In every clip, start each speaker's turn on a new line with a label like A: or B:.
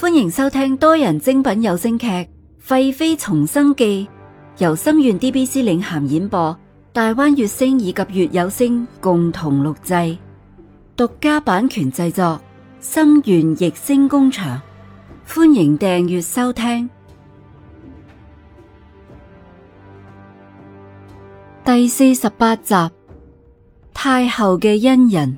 A: 歡迎收聽多人精品有聲劇《廢妃重生記》，由心願 DBC 領銜演播，大灣月星以及月有聲共同錄製，獨家版權製作，心願逸聲工場。歡迎訂閱收聽第四十八集《太后嘅恩人》。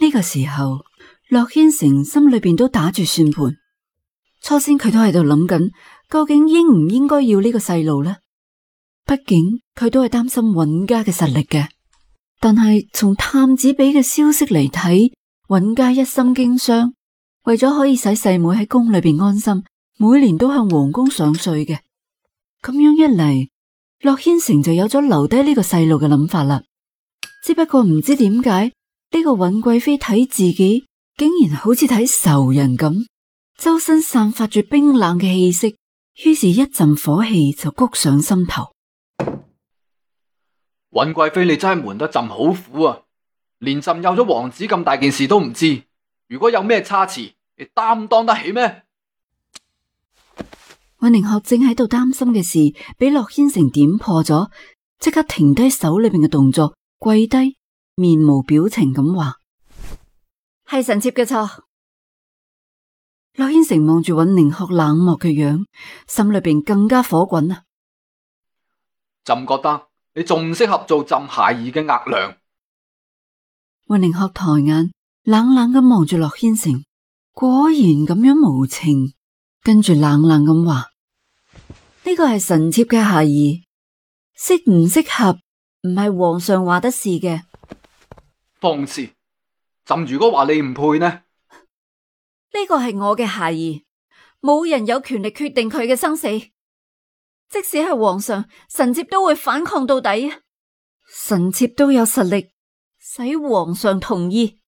A: 呢個時候，洛軒成心裏邊都打住算盤。初先佢都喺度諗緊，究竟應唔應該要呢個細路呢？畢竟佢都係擔心尹家嘅實力嘅。但係從探子俾嘅消息嚟睇，尹家一心經商，為咗可以使細妹喺宮裏邊安心，每年都向皇宮上稅嘅。咁樣一嚟，洛軒成就有咗留低呢個細路嘅諗法啦。只不過唔知點解。呢個尹貴妃睇自己，竟然好似睇仇人咁，周身散發住冰冷嘅氣息，於是一陣火氣就谷上心頭。
B: 尹貴妃，你真係瞞得朕好苦啊！連朕有咗王子咁大件事都唔知，如果有咩差池，你擔當得起咩？
A: 尹寧學正喺度擔心嘅事，俾洛軒成點破咗，即刻停低手裏邊嘅動作，跪低。面無表情咁話，係臣妾嘅錯。洛軒成望住尹寧學冷漠嘅樣，心裏邊更加火滾啦。
B: 啊，朕覺得你仲唔適合做朕孩兒嘅額娘。
A: 尹寧學抬眼冷冷咁望住洛軒成，果然咁樣無情，跟住冷冷咁話，呢個係臣妾嘅孩兒，適唔適合唔係皇上話得事嘅。
B: 放肆！朕如果話你唔配呢？
A: 呢個係我嘅孩兒，冇人有權力決定佢嘅生死，即使係皇上，臣妾都會反抗到底啊！臣妾都有實力使皇上同意。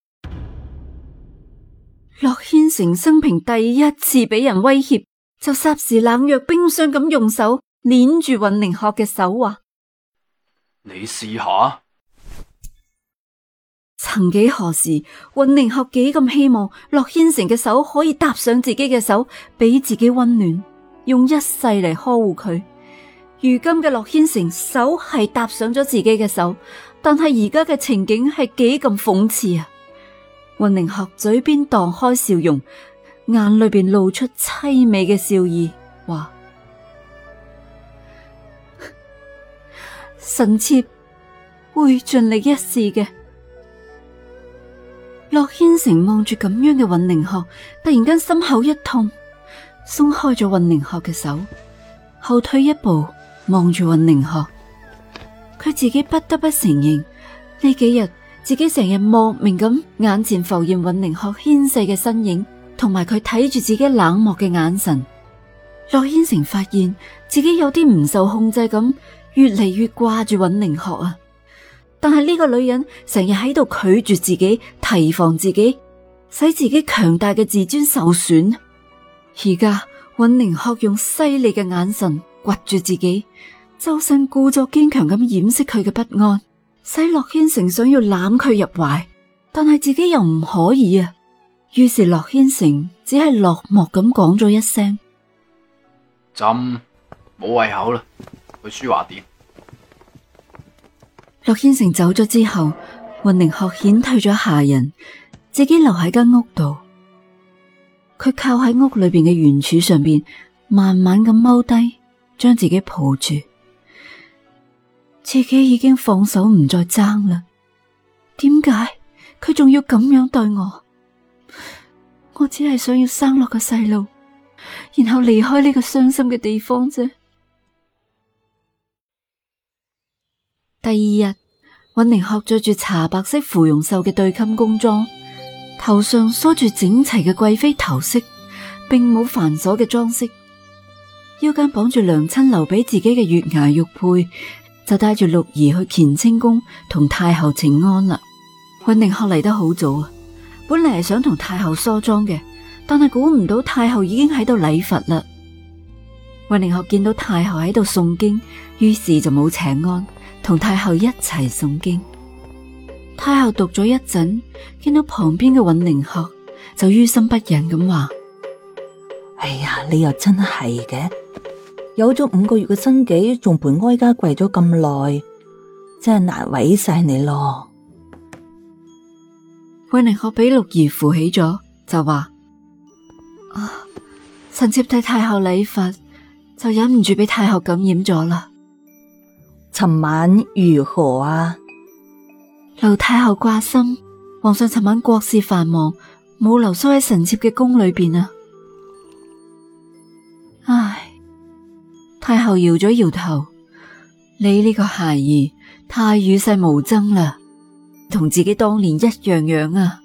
A: 洛軒成生平第一次俾人威脅，就霎時冷若冰霜咁，用手捏住尹寧鶴嘅手，話：
B: 你試下。
A: 曾幾何時，雲寧鶴幾咁希望洛軒成嘅手可以搭上自己嘅手，俾自己溫暖，用一世嚟呵護佢。如今嘅洛軒成手係搭上咗自己嘅手，但係而家嘅情景係幾咁諷刺啊！雲寧鶴嘴邊蕩開笑容，眼裏邊露出淒美嘅笑意，話：臣妾會盡力一試嘅。洛軒成望住咁樣嘅尹寧鶴，突然間心口一痛，鬆開咗尹寧鶴嘅手，後退一步，望住尹寧鶴。佢自己不得不承認，呢幾日自己成日莫名咁眼前浮現尹寧鶴纖細嘅身影，同埋佢睇住自己冷漠嘅眼神。洛軒成發現自己有啲唔受控制咁，越嚟越掛住尹寧鶴啊！但係呢個女人成日喺度拒絕自己，提防自己，使自己強大嘅自尊受損。而家尹寧學用犀利嘅眼神掘住自己，周身故作堅強咁掩飾佢嘅不安，使洛軒成想要攬佢入懷，但係自己又唔可以啊。於是洛軒成只係落寞咁講咗一聲：
B: 朕冇胃口啦，去舒華殿。
A: 駱軒成走咗之後，雲寧鶴遣退咗下人，自己留喺間屋度。佢靠喺屋裏邊嘅圓柱上邊，慢慢咁踎低，將自己抱住。自己已經放手唔再爭啦。點解佢仲要咁樣對我？我只係想要生落個細路，然後離開呢個傷心嘅地方啫。第二日，允寧學着住茶白色芙蓉袖嘅對襟宮裝，頭上梳住整齊嘅貴妃頭飾，並冇繁瑣嘅裝飾，腰間綁住娘親留俾自己嘅月牙玉佩，就帶住六兒去乾清宮同太后請安啦。允寧學嚟得好早啊，本嚟係想同太后梳妝嘅，但係估唔到太后已經喺度禮佛啦。允寧學見到太后喺度誦經，於是就冇請安。同太后一齊誦經，太后讀咗一陣，見到旁邊嘅允寧鶴就於心不忍咁話，
B: 哎呀，
A: 你又真係
B: 嘅，有咗五個月嘅身紀，仲陪哀家跪咗咁耐，真係難為
A: 晒你咯。允寧鶴俾六兒扶起咗，就話，啊，臣妾替太后禮佛，就忍唔住俾太后感染咗啦。尋晚如何啊？劉太后掛心，皇上尋晚國事繁忙，冇留宿喺臣妾嘅宮裏邊啊！唉，太后搖咗搖頭，你呢個孩兒太與世無爭啦，同自己當年一樣樣啊。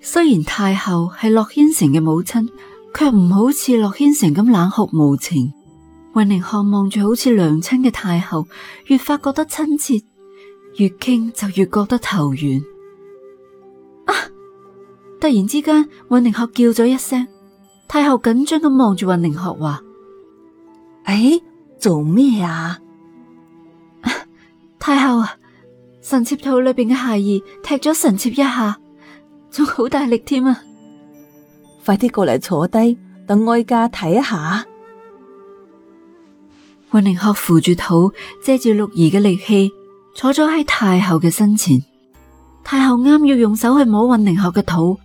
A: 雖然太后係洛軒成嘅母親，卻唔好似洛軒成咁冷酷無情。雲寧鶴望住好似娘親嘅太后，越發覺得親切，越傾就越覺得投緣啊。突然之間，雲寧鶴叫咗一聲，太后緊張咁望住雲寧鶴話：哎、欸，做咩啊？太后啊，臣妾肚裏邊嘅孩兒踢咗臣妾一下，仲好大力添啊！快啲過嚟坐低，等哀家睇一下。允寧鶴扶住肚，借住六兒嘅力氣，坐咗喺太后嘅身前。太后啱要用手去摸允寧鶴嘅肚，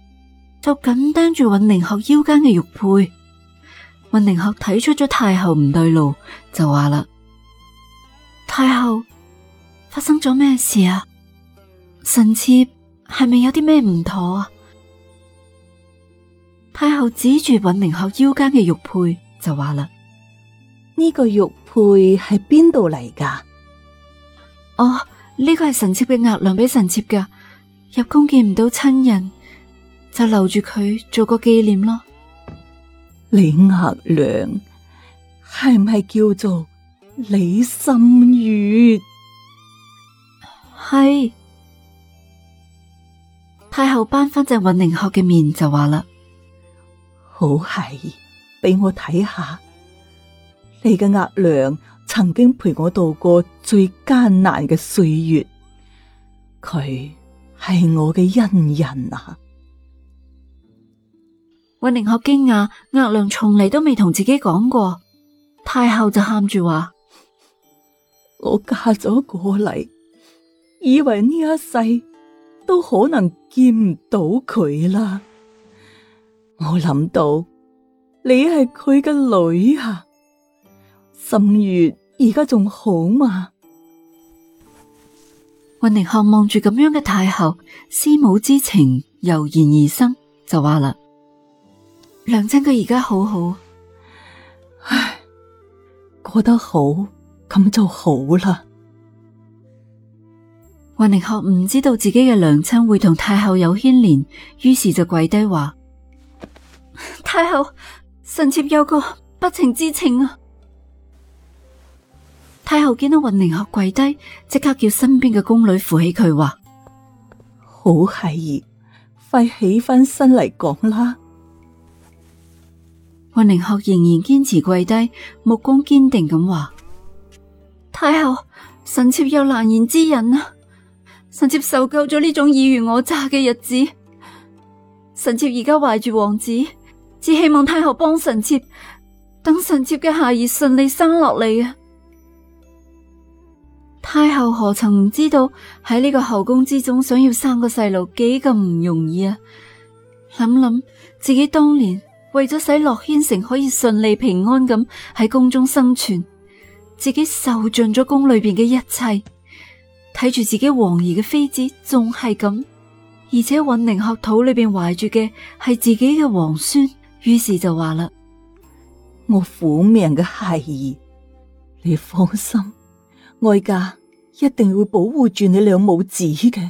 A: 就緊盯住允寧鶴腰間嘅玉佩。允寧鶴睇出咗太后唔對路，就話啦：太后，發生咗咩事啊？臣妾係咪有啲咩唔妥啊？太后指住允寧鶴腰間嘅玉佩就話啦。呢個玉佩係邊度嚟噶？哦，呢、這個係神妾嘅額娘俾神妾噶，入宮見唔到親人，就留住佢做個紀念咯。
B: 李額娘
A: 係唔係叫做李心月？係。太后扳翻隻雲寧鶴嘅面就話啦，好係，俾我睇下。
B: 你嘅額娘曾經陪我度過最艱難嘅歲月，佢係我嘅恩人啊！
A: 韋寧學驚訝，額娘從嚟都未同自己講過。太后就喊住話：我嫁咗過嚟，
B: 以為呢一世都可能見唔到佢啦。我諗到你係佢嘅女啊！
A: 心月而家仲好嘛？雲寧鶴望住咁樣嘅太后，思母之情油然而生，就話啦：娘親佢而家好好，唉，過得好咁
B: 就好啦。
A: 雲寧鶴唔知道自己嘅娘親會同太后有牽連，於是就跪低話：太后，臣妾有個不情之請啊！太后見到云寧學跪低，即刻叫身邊嘅宮女扶起佢，話：好孩兒，快起翻身嚟講啦。云寧學仍然堅持跪低，目光堅定咁話：太后，臣妾有難言之隱啊。臣妾受夠咗呢種爾虞我詐嘅日子，臣妾而家懷住王子，只希望太后幫臣妾，等臣妾嘅孩兒順利生落嚟啊。太后何曾唔知道喺呢個後宮之中，想要生個細路幾咁唔容易啊！諗諗自己當年為咗使洛軒城可以順利平安咁喺宮中生存，自己受盡咗宮裏邊嘅一切，睇住，自己皇兒嘅妃子仲係咁，而且允寧鶴肚裏邊懷住嘅係自己嘅皇孫，於是就話啦：
B: 我苦命嘅孩兒，你放心，哀家。一定會保護住你兩母子嘅。